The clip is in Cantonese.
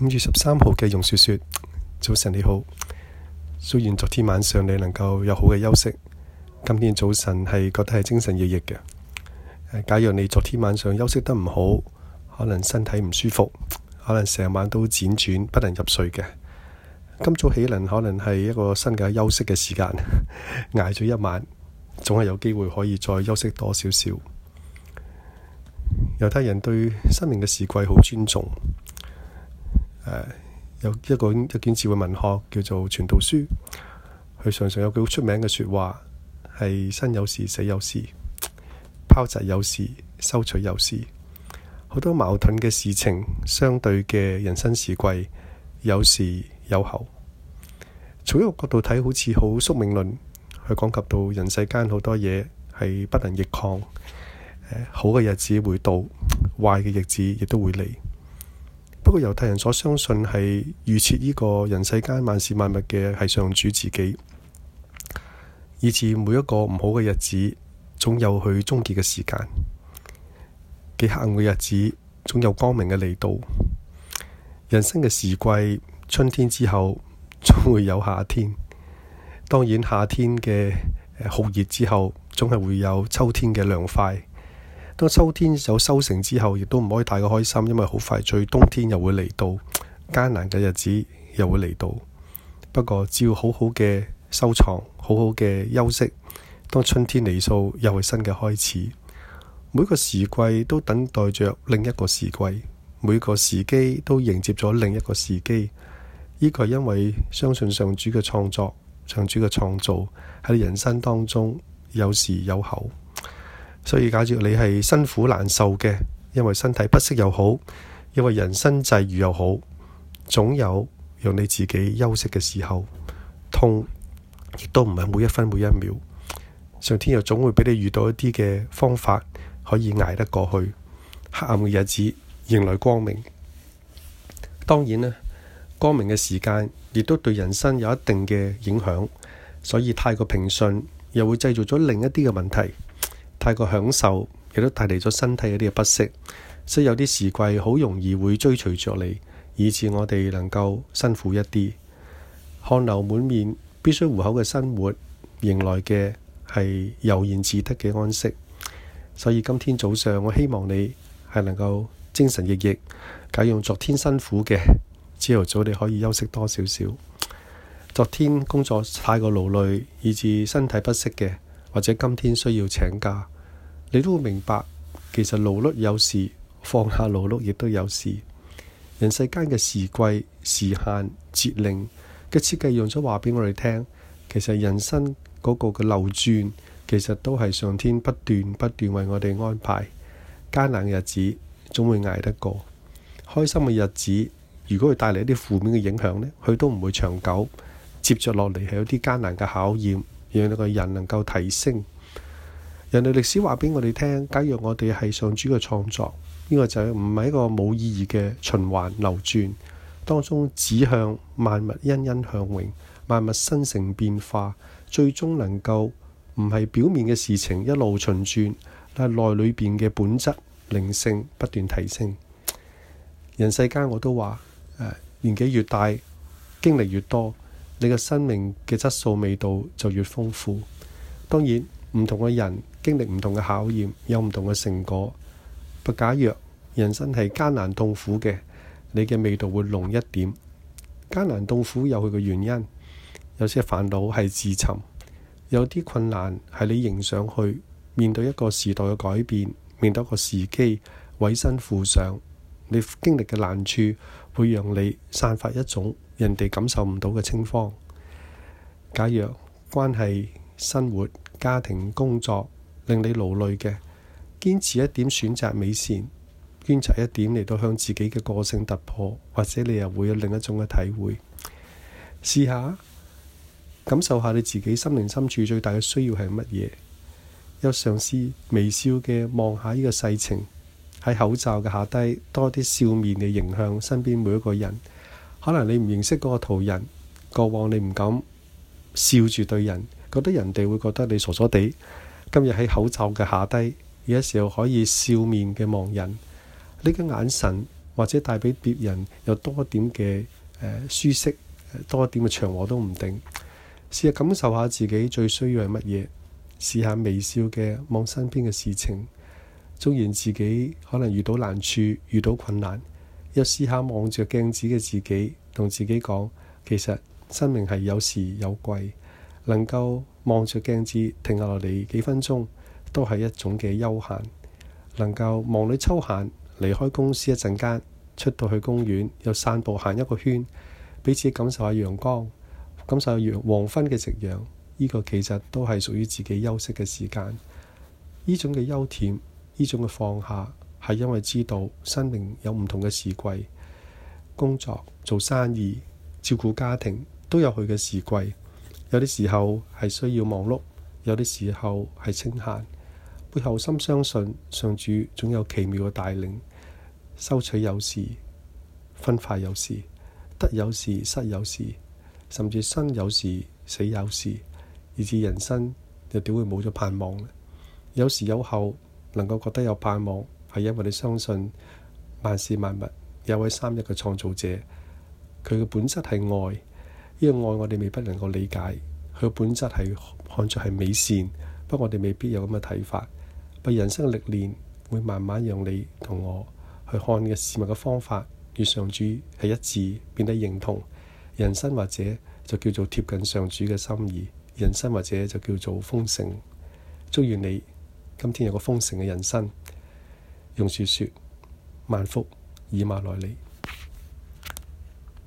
五月十三號嘅容雪雪，早晨你好。雖然昨天晚上你能夠有好嘅休息，今天早晨係覺得係精神奕奕嘅。假如你昨天晚上休息得唔好，可能身體唔舒服，可能成晚都輾轉不能入睡嘅。今早起能可能係一個新嘅休息嘅時間，捱 咗一晚，總係有機會可以再休息多少少。猶太人對生命嘅時季好尊重。誒，有一個一件智慧文學叫做《傳道書》，佢常常有句好出名嘅說話，係生有時，死有時；拋擲有時，收取有時。好多矛盾嘅事情，相對嘅人生時季，有時有後。從呢個角度睇，好似好宿命論，佢講及到人世間好多嘢係不能逆抗。好嘅日子會到，壞嘅日子亦都會嚟。不過猶太人所相信係預設呢個人世間萬事萬物嘅，係上主自己，以至每一個唔好嘅日子，總有佢終結嘅時間；幾黑暗嘅日子，總有光明嘅嚟到。人生嘅時季，春天之後，總會有夏天；當然夏天嘅酷熱之後，總係會有秋天嘅涼快。當秋天有收成之後，亦都唔可以太過開心，因為好快最冬天又會嚟到，艱難嘅日子又會嚟到。不過只要好好嘅收藏，好好嘅休息，當春天嚟數又係新嘅開始。每個時季都等待着另一個時季，每個時機都迎接咗另一個時機。呢個係因為相信上主嘅創作，上主嘅創造喺人生當中有時有候。所以，假如你係辛苦難受嘅，因為身體不適又好，因為人生際遇又好，總有讓你自己休息嘅時候痛，痛亦都唔係每一分每一秒。上天又總會俾你遇到一啲嘅方法，可以挨得過去黑暗嘅日子，迎來光明。當然啦，光明嘅時間亦都對人生有一定嘅影響，所以太過平順，又會製造咗另一啲嘅問題。太過享受，亦都帶嚟咗身體一啲嘅不適，所以有啲時季好容易會追隨着你，以致我哋能夠辛苦一啲，汗流滿面，必須糊口嘅生活，迎來嘅係悠然自得嘅安息。所以今天早上，我希望你係能夠精神奕奕，解用昨天辛苦嘅，朝頭早你可以休息多少少。昨天工作太過勞累，以致身體不適嘅，或者今天需要請假。你都會明白，其實勞碌有時，放下勞碌亦都有時。人世間嘅時季、時限、節令嘅設計用咗話俾我哋聽，其實人生嗰個嘅流轉，其實都係上天不斷不斷為我哋安排。艱難嘅日子總會捱得過，開心嘅日子，如果佢帶嚟一啲負面嘅影響呢，佢都唔會長久。接着落嚟係有啲艱難嘅考驗，讓你個人能夠提升。人類歷史話俾我哋聽，假如我哋係上主嘅創作，呢個就唔係一個冇意義嘅循環流轉。當中指向萬物欣欣向榮，萬物生成變化，最終能夠唔係表面嘅事情一路循轉，但係內裏邊嘅本質靈性不斷提升。人世間我都話，年紀越大，經歷越多，你嘅生命嘅質素味道就越豐富。當然，唔同嘅人。經歷唔同嘅考驗，有唔同嘅成果。不假若人生係艱難痛苦嘅，你嘅味道會濃一點。艱難痛苦有佢嘅原因，有些煩惱係自尋，有啲困難係你迎上去面對一個時代嘅改變，面對一個時機委身附上。你經歷嘅難處會讓你散發一種人哋感受唔到嘅清芳。假若關係、生活、家庭、工作，令你勞累嘅，堅持一點選擇美善，捐集一點嚟到向自己嘅個性突破，或者你又會有另一種嘅體會。試下感受下你自己心靈深處最大嘅需要係乜嘢？又嘗試微笑嘅望下呢個世情喺口罩嘅下低，多啲笑面嚟迎向身邊每一個人。可能你唔認識嗰個途人，過往你唔敢笑住對人，覺得人哋會覺得你傻傻地。今日喺口罩嘅下低，有時候可以笑面嘅望人，呢、這個眼神或者帶俾別人有多點嘅舒適多點嘅祥和，都唔定。試下感受下自己最需要係乜嘢，試下微笑嘅望身邊嘅事情。縱然自己可能遇到難處遇到困難，又試下望着鏡子嘅自己，同自己講，其實生命係有時有貴能夠。望住鏡子，停下嚟，幾分鐘，都係一種嘅休閒，能夠忙裏抽閒，離開公司一陣間，出到去公園又散步行一個圈，彼此感受下陽光，感受下黃昏嘅夕陽。呢、這個其實都係屬於自己休息嘅時間。呢種嘅休憩，呢種嘅放下，係因為知道生命有唔同嘅時季，工作做生意，照顧家庭都有佢嘅時季。有啲時候係需要忙碌，有啲時候係清閒。背後心相信上主總有奇妙嘅帶領，收取有時，分發有時，得有時，失有時，甚至生有時，死有時，以至人生又點會冇咗盼望呢？有時有後能夠覺得有盼望，係因為你相信萬事萬物有位三一嘅創造者，佢嘅本質係愛。呢個愛我哋未必能夠理解，佢嘅本質係看作係美善，不過我哋未必有咁嘅睇法。但人生嘅歷練會慢慢讓你同我去看嘅事物嘅方法與上主係一致，變得認同人生或者就叫做貼近上主嘅心意。人生或者就叫做豐盛。祝願你今天有個豐盛嘅人生。用説説萬福以馬內利。